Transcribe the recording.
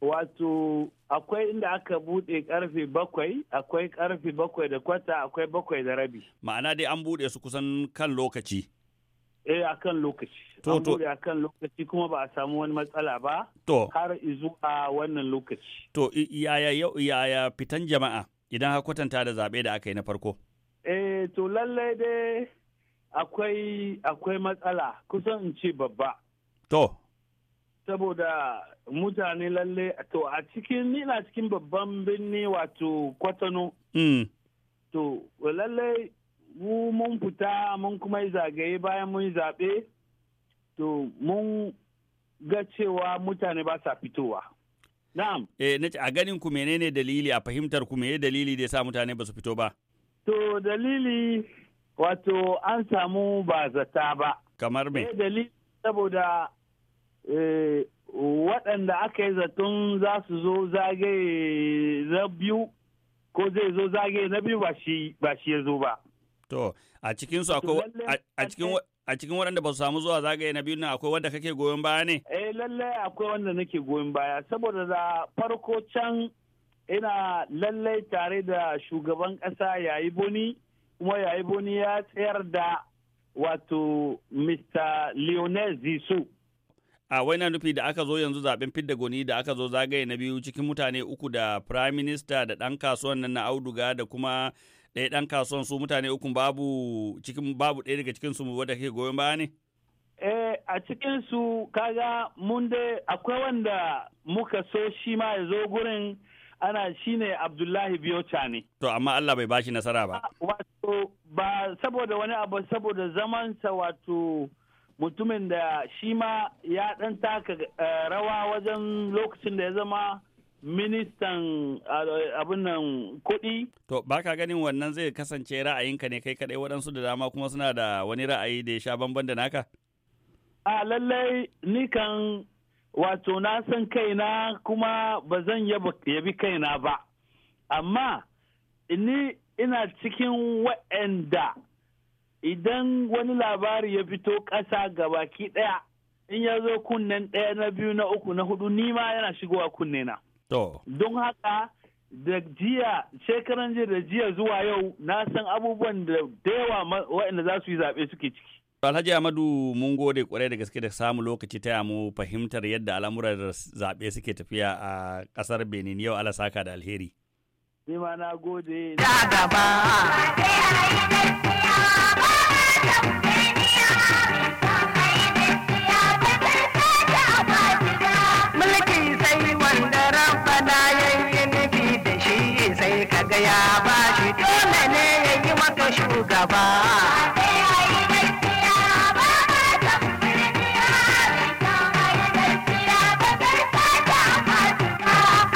Wato akwai inda aka bude karfe bakwai, akwai karfe bakwai da kwata, akwai bakwai da rabi. Ma'ana dai an buɗe su kusan kan lokaci. Eh a kan lokaci. To to. a kan lokaci kuma ba a samu wani matsala ba. To. Har a wannan lokaci. To yaya yaya fitan jama'a idan har kwatanta da zaɓe da aka yi na farko. Eh to lallai dai akwai akwai matsala kusan in ce babba. To. saboda mutane lalle to a cikin ni na cikin babban birni wato kwatano hmm. to lalle mu mun fita mun kuma yi zagaye bayan mun yi zaɓe to mun ga cewa mutane ba sa fitowa na'am eh a ganin ku menene dalili a fahimtar ku menene dalili da sa mutane ba su fito ba to dalili wato an samu ba zata ba kamar me dalili saboda Eh, waɗanda aka yi zaton za su zo zagaye na biyu ko zai zo zagaye na biyu ba shi ya zo ba. To, a cikin su akwai a cikin waɗanda ba su samu zuwa zagaye na biyu na akwai wanda kake goyon baya ne? Eh lalle akwai wanda nake goyon baya saboda da farko can ina lalle tare da shugaban ƙasa yayi boni kuma yayi boni ya tsayar da wato Mr. Lionel Zisu. a wai na nufi da aka zo yanzu zaben fidda goni da aka zo zagaye na biyu cikin mutane uku da prime minister da dan kasuwan nan na auduga da kuma ɗaya dan kasuwan su mutane uku babu cikin babu ɗaya daga cikin su wadda kake goyon baya ne eh, a cikin su kaga mun dai akwai wanda muka so shi ma ya zo gurin ana shine Abdullahi Biyocha ne. To amma Allah bai bashi nasara ba. Wato ba saboda wani abu saboda zamansa wato mutumin da shi ma ya ɗan taka eh, rawa wajen lokacin da ya zama ministan eh, abin nan kuɗi. To, ba ka ganin wannan zai kasance ra'ayinka ne kai kaɗai waɗansu da dama kuma suna da wani ra'ayi da ya sha bamban da naka? A lallai ni kan wato na san kaina kuma ba zan yabi kaina ba. Amma ni ina cikin waɗanda idan wani labari ya fito ƙasa ga baki ɗaya in ya zo kunnen ɗaya na biyu na uku na hudu nima yana shigowa kunne na. Don haka da jiya shekaran jiya da jiya zuwa yau na san abubuwan da da yawa waɗanda za su yi zaɓe suke ciki. Alhaji Amadu mun gode kwarai da gaske da samu lokaci ta mu fahimtar yadda al'amuran zaɓe suke tafiya a ƙasar Benin yau ala saka da alheri. Ni ma na gode. ya shi dole ne ya yi mata shugaba